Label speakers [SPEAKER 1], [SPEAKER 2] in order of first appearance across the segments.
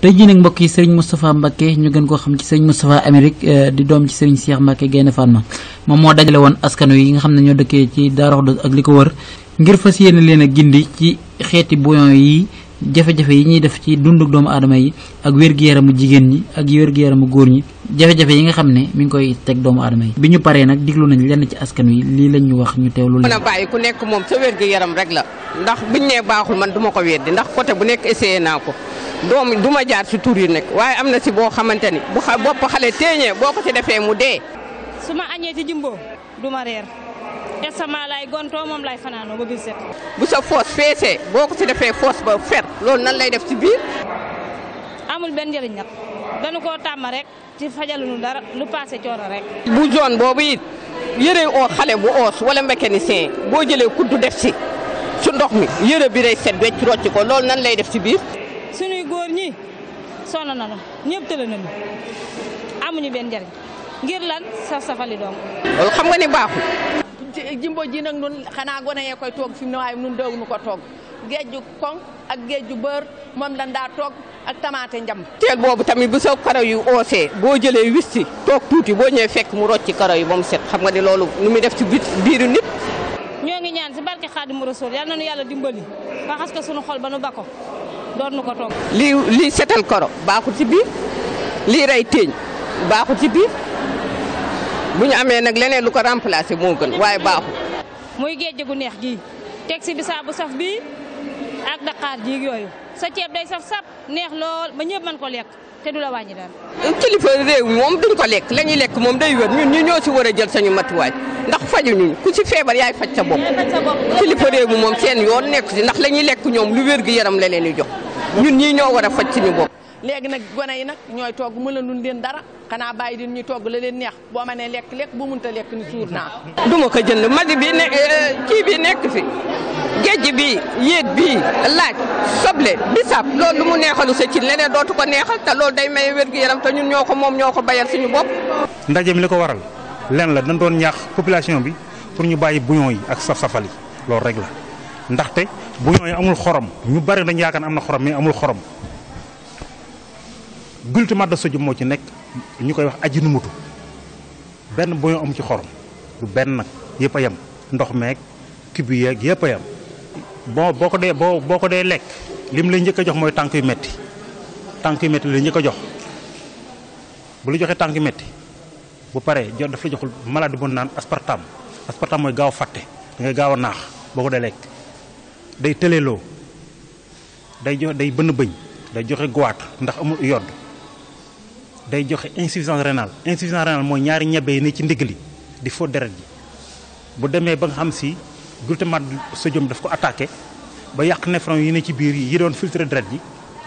[SPEAKER 1] tey jii nag mbokk yi sëriñ Moustapha mbakke ñu gën koo xam ci sëriñ Moustapha Amérique euh, di doom ci sëriñ Cheikh Mbacke Gaynde Fatma moom moo dajale woon askan yi nga xam ne ñoo dëkkee ci Darou Khoudoss ak li ko wër ngir fas yéene leen a gindi ci xeeti bouillon yi jafe yi ñuy def ci dundu doomu aadama yi ak wér-gu-yaramu jigéen ñi ak wér-gu-yaramu góor ñi jafe-jafe yi nga xam ne mu ngi koy teg doomu aadama yi bi ñu paree nag diglu nañ lenn ci askan wi lii lañ ñu wax ñu teewlu mën a
[SPEAKER 2] bàyyi ku nekk moom sa wér-gu-yaram rek la ndax buñ nee baaxul man duma ko weddi ndax côté bu nekk essayé naa ko doom du ma jaar si tur yi nag waaye am na si boo xamante ni bu xa bopp xale téeñee boo ko si defee mu dee.
[SPEAKER 3] suma añee ci jimbo du ma reer te sama lay moom lay fanaanoo ba biir set.
[SPEAKER 2] bu sa foos feesee boo ko si defee foos ba fer loolu nan lay def si biir.
[SPEAKER 3] amul benn njëriñ nag dañu koo tàmm rek ci fajaluñu dara lu paase coono rek.
[SPEAKER 2] bu zone boobu it yëre oo xale bu oos wala mécanicien boo jëlee kuddu def si su ndox mi yére bi day set wecc rocc ko loolu nan lay def si biir.
[SPEAKER 3] suñuy góor ñi sonn na ñëpp tële nañu amuñu benn jariñ ngir lan saf safali doom loolu xam nga ni baaxul. jimbo ji nag nun xanaa gone yee koy toog fi mu ne
[SPEAKER 2] waaye nun dawuñu ko toog gejj ju koŋ ak géej ju bër moom lan daa toog ak tamaate njam teel boobu tamit bu sa karaw yu boo jëlee wisti toog tuuti boo ñëwee fekk mu rocci karaw yi moom set xam nga ni loolu nu muy def ci biiru nit
[SPEAKER 3] ñoo ngi ñaan si barke mu Rasuul yal na nu yàlla dimbali ba xas ko ba nu ko doon nu ko togg.
[SPEAKER 2] lii lii setal koro baaxul ci biir lii rey téeñ baaxul ci biir bu ñu amee nag leneen lu ko remplacer moo gën waaye baaxul.
[SPEAKER 3] muy géej gu neex gii teg si bisaabu saf bii ak daqaar ji yooyu. sa ceeb day saf sap neex lool ba ñëpp mën ko lekk te du la wàññi daal.
[SPEAKER 2] kilifa réew mi moom duñ ko lekk la ñuy lekk moom day wér ñun ñu ñoo si war a jël sañu matuwaay ndax fajuñu ku si feebar yaay faj sa bom kilifa réew moom seen yoon nekk si ndax la ñuy lekk ñoom lu wér gu yaram la leen di jox ñun ñi ñoo war a faj ñu bopp. léegi nag gone yi nag ñooy togg mënalul leen dara xanaa bàyyi di ñu togg la leen neex boo ma nee lekk lekk bu munta lekk ni suur naa. du ma ko jënd mali bi ne eh, bi nekk fi géej bi yéeg bi laaj soble bisab loolu lu mu neexalu sa ci leneen dootu ko neexal te loolu day may wér gu yaram te ñun ñoo ko moom ñoo ko bayal suñu bopp.
[SPEAKER 1] ndaje mi li ko waral lenn la dañ doon ñaax population bi pour ñu bàyyi bouillon yi ak sa safali yi loolu rek la ndaxte bouillon yi amul xorom ñu bari dañ yaakaar am na xorom mais amul xorom glutamate de sodium moo ci nekk ñu koy wax ajinumutu benn bouillon amu ci xorom du benn nag yëpp a yem ndox meeg kii bi yeeg yëpp yem bon boo ko dee boo boo ko dee lekk lim la njëkk a jox mooy tànk yu metti tànk yu metti la njëkk a jox bu lu joxee tànk yu metti bu paree jo daf la joxul malade bu naan aspartam aspartam mooy gaaw fàtte da gaaw a naax boo ko dee lekk day tëleeloo day joxe day bënn bëñ day joxe goitre ndax amul yodd day joxe insuffisance renal insuffisance rénale mooy ñaari ñebe yi ne ci ndigg li di fóot deret ji bu demee ba nga xam si glutamate sodium daf ko attaqué ba yàq nephron yi ne ci biir yi yi doon filtre dret yi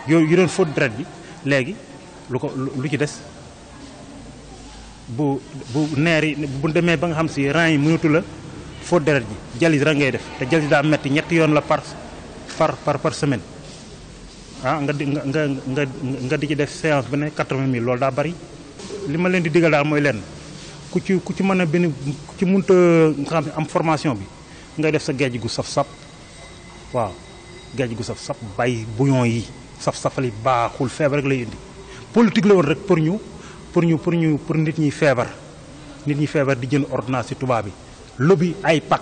[SPEAKER 1] yooyu yi doon fóot dret yi léegi lu ko lu ci des bu bu neri yi bu demee ba nga xam si rein yi mënatu la fóot deret ji jalis ra ngay def te jalis daa metti ñetti yoon la par par par par semaine ah nga nga nga nga nga di ci def séance bu ne 80 000 loolu daa bari li ma leen di digal daal mooy lenn ku ci ku ci mën a ku ci munta am formation bi ngay def sa gejj gu saf-saf waaw gejj gu saf-saf bàyyi bouillon yi saf-safali baaxul feebar rek lay indi politique la woon rek pour ñu pour ñu pour ñu pour nit ñi feebar nit ñi feebar di jënd ordonnance ci tubaab bi lobby ay pak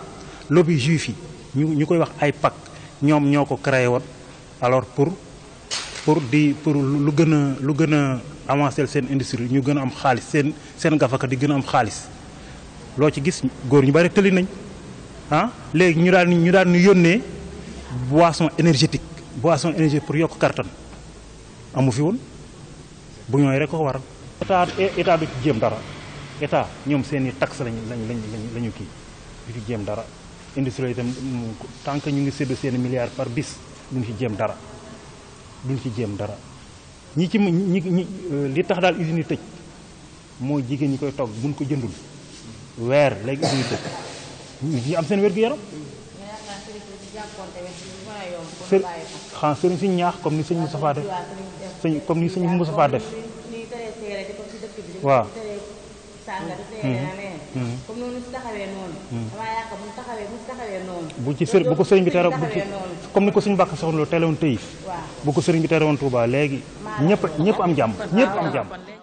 [SPEAKER 1] lobby juif yi ñu ñu koy wax ay pak ñoom ñoo ko créé woon alors pour pour di pour lu gën a lu gën a avancer seen industrie ñu gën a am xaalis seen seen gafaka di gën a am xaalis loo ci gis góor ñu bari tëli nañ ah léegi ñu daan ñu daan yónnee boisson énergétique boisson énergétique pour yokk kartan amu fi woon bu ñooy rek ko waral. état état du ci jëm dara état ñoom seen i taxe lañu lañu lañu lañu kii du ci jéem dara industrie yi itam tant ñu ngi sédd seeni milliards par bis duñ ci jëm dara duñ ci jéem dara ñi ci ñi ñi euh, li tax daal usine yi tëj mooy jigéen ñi koy togg buñ ko jëndul weer léegi usine yi tëj. ñu am seen wér-gu-yaram. së xanaa sëriñ si ñaax comme ni sëñ Moustapha def sëñ comme ni sëñ Moustapha def
[SPEAKER 3] waaw. bu ci sër bu ko sëriñ bi tere bu ci comme
[SPEAKER 1] ni ko suñu bàkk soxla teeloon tëyif bu ko sëriñ bi tere woon Touba léegi ñëpp ñëpp am jàmm ñëpp am jàmm.